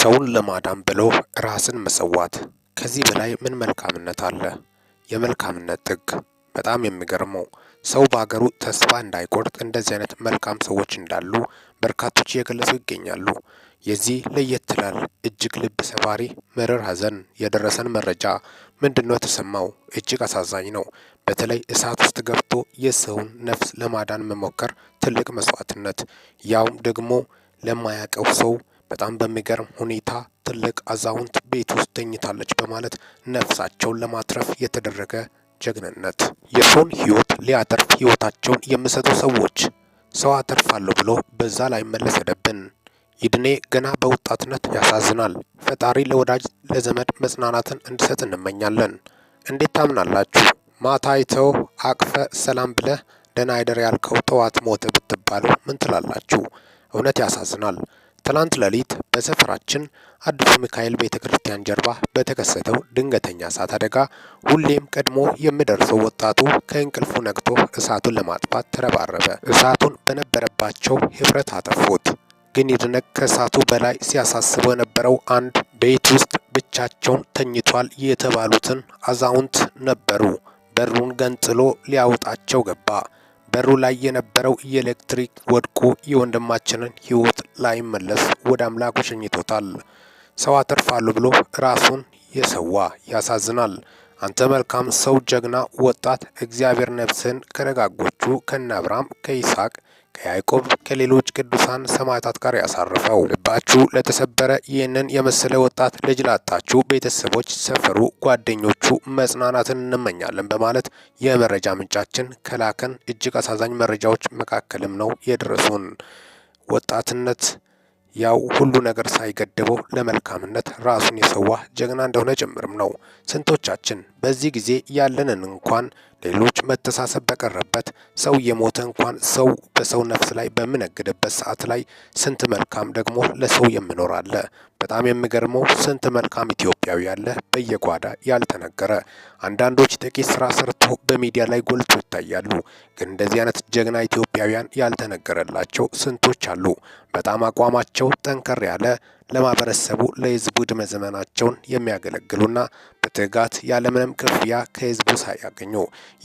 ሰውን ለማዳን ብሎ ራስን መሰዋት ከዚህ በላይ ምን መልካምነት አለ? የመልካምነት ጥግ በጣም የሚገርመው ሰው በሀገሩ ተስፋ እንዳይቆርጥ እንደዚህ አይነት መልካም ሰዎች እንዳሉ በርካቶች እየገለጹ ይገኛሉ። የዚህ ለየት ትላል እጅግ ልብ ሰባሪ ምርር ሀዘን የደረሰን መረጃ ምንድን ነው የተሰማው? እጅግ አሳዛኝ ነው። በተለይ እሳት ውስጥ ገብቶ የሰውን ነፍስ ለማዳን መሞከር ትልቅ መስዋዕትነት፣ ያውም ደግሞ ለማያውቀው ሰው በጣም በሚገርም ሁኔታ ትልቅ አዛውንት ቤት ውስጥ ተኝታለች በማለት ነፍሳቸውን ለማትረፍ የተደረገ ጀግንነት። የሰውን ህይወት ሊያተርፍ ህይወታቸውን የሚሰጡ ሰዎች ሰው አተርፋለሁ ብሎ በዛ ላይ መለስ ሄደብን። ይድኔ ገና በወጣትነት ያሳዝናል። ፈጣሪ ለወዳጅ ለዘመድ መጽናናትን እንዲሰጥ እንመኛለን። እንዴት ታምናላችሁ? ማታ አይተው አቅፈ ሰላም ብለህ ደህና አይደር ያልከው ጠዋት ሞተ ብትባሉ ምን ትላላችሁ? እውነት ያሳዝናል። ትላንት ሌሊት በሰፈራችን አዲሱ ሚካኤል ቤተ ክርስቲያን ጀርባ በተከሰተው ድንገተኛ እሳት አደጋ ሁሌም ቀድሞ የሚደርሰው ወጣቱ ከእንቅልፉ ነቅቶ እሳቱን ለማጥፋት ተረባረበ። እሳቱን በነበረባቸው ህብረት አጠፉት። ግን ይድነቅ ከእሳቱ በላይ ሲያሳስበው የነበረው አንድ ቤት ውስጥ ብቻቸውን ተኝቷል የተባሉትን አዛውንት ነበሩ። በሩን ገንጥሎ ሊያወጣቸው ገባ። በሩ ላይ የነበረው የኤሌክትሪክ ወድቆ የወንድማችንን ህይወት ላይመለስ ወደ አምላኩ ሸኝቶታል። ሰው አተርፋለሁ ብሎ ራሱን የሰዋ ያሳዝናል። አንተ መልካም ሰው፣ ጀግና ወጣት፣ እግዚአብሔር ነፍስህን ከደጋጎቹ ከነ አብርሃም ከይስሐቅ ከያዕቆብ ከሌሎች ቅዱሳን ሰማዕታት ጋር ያሳርፈው ልባችሁ ለተሰበረ ይህንን የመሰለ ወጣት ልጅ ላጣችሁ ቤተሰቦች፣ ሰፈሩ፣ ጓደኞቹ መጽናናትን እንመኛለን በማለት የመረጃ ምንጫችን ከላከን እጅግ አሳዛኝ መረጃዎች መካከልም ነው የደረሱን። ወጣትነት ያው ሁሉ ነገር ሳይገድበው ለመልካምነት ራሱን የሰዋ ጀግና እንደሆነ ጭምርም ነው። ስንቶቻችን በዚህ ጊዜ ያለንን እንኳን ሌሎች መተሳሰብ በቀረበት ሰው የሞተ እንኳን ሰው በሰው ነፍስ ላይ በምነግድበት ሰዓት ላይ ስንት መልካም ደግሞ ለሰው የምኖር አለ። በጣም የሚገርመው ስንት መልካም ኢትዮጵያዊ አለ በየጓዳ ያልተነገረ። አንዳንዶች ጥቂት ስራ ሰርቶ በሚዲያ ላይ ጎልቶ ይታያሉ። ግን እንደዚህ አይነት ጀግና ኢትዮጵያውያን ያልተነገረላቸው ስንቶች አሉ። በጣም አቋማቸው ጠንከር ያለ ለማህበረሰቡ ለህዝቡ ዕድሜ ዘመናቸውን የሚያገለግሉና በትጋት ያለምንም ክፍያ ከህዝቡ ሳያገኙ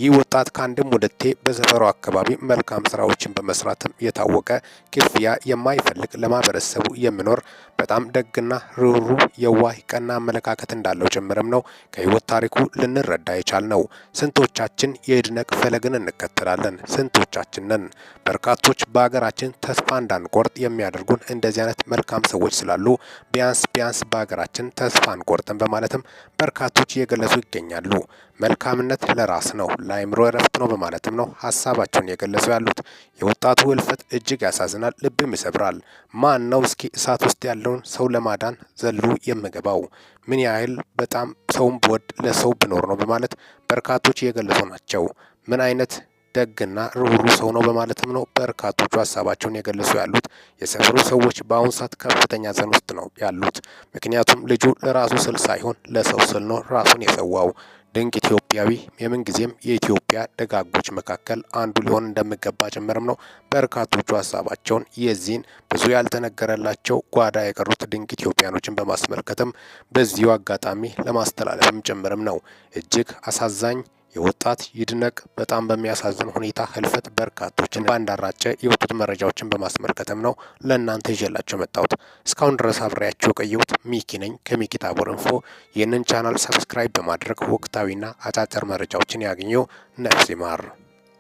ይህ ወጣት ከአንድም ሁለቴ በሰፈሩ አካባቢ መልካም ስራዎችን በመስራትም የታወቀ ክፍያ የማይፈልግ ለማህበረሰቡ የሚኖር በጣም ደግና ሩሩ የዋህ ቀና አመለካከት እንዳለው ጭምርም ነው ከህይወት ታሪኩ ልንረዳ የቻል ነው። ስንቶቻችን የእድነቅ ፈለግን እንከተላለን? ስንቶቻችን ነን? በርካቶች በሀገራችን ተስፋ እንዳንቆርጥ የሚያደርጉን እንደዚህ አይነት መልካም ሰዎች ስላሉ ቢያንስ ቢያንስ በሀገራችን ተስፋ አንቆርጥም በማለትም በርካቶች እየገለጹ ይገኛሉ። መልካምነት ለራስ ነው፣ ለአይምሮ እረፍት ነው በማለትም ነው ሀሳባቸውን የገለጹ ያሉት። የወጣቱ ህልፈት እጅግ ያሳዝናል፣ ልብም ይሰብራል። ማን ነው እስኪ እሳት ውስጥ ያለውን ሳይሆን ሰው ለማዳን ዘሎ የምገባው ምን ያህል በጣም ሰውን ብወድ ለሰው ብኖር ነው በማለት በርካቶች እየገለጹ ናቸው። ምን አይነት ደግና ርኅሩኅ ሰው ነው በማለትም ነው በርካቶቹ ሀሳባቸውን የገለጹ ያሉት። የሰፈሩ ሰዎች በአሁኑ ሰዓት ከፍተኛ ዘን ውስጥ ነው ያሉት። ምክንያቱም ልጁ ለራሱ ስል ሳይሆን ለሰው ስል ነው ራሱን የሰዋው። ድንቅ ኢትዮጵያዊ፣ የምንጊዜም የኢትዮጵያ ደጋጎች መካከል አንዱ ሊሆን እንደሚገባ ጭምርም ነው በርካቶቹ ሀሳባቸውን የዚህን ብዙ ያልተነገረላቸው ጓዳ የቀሩት ድንቅ ኢትዮጵያኖችን በማስመልከትም በዚሁ አጋጣሚ ለማስተላለፍም ጭምርም ነው እጅግ አሳዛኝ የወጣት ይድነቅ በጣም በሚያሳዝን ሁኔታ ህልፈት በርካቶችን ባንዳራጨ የወጡት መረጃዎችን በማስመልከትም ነው ለእናንተ ይዤላቸው መጣሁት። እስካሁን ድረስ አብሬያቸው የቆየሁት ሚኪ ነኝ ከሚኪ ታቦር ኢንፎ። ይህንን ቻናል ሰብስክራይብ በማድረግ ወቅታዊና አጫጭር መረጃዎችን ያገኘው ነፍስ ይማር።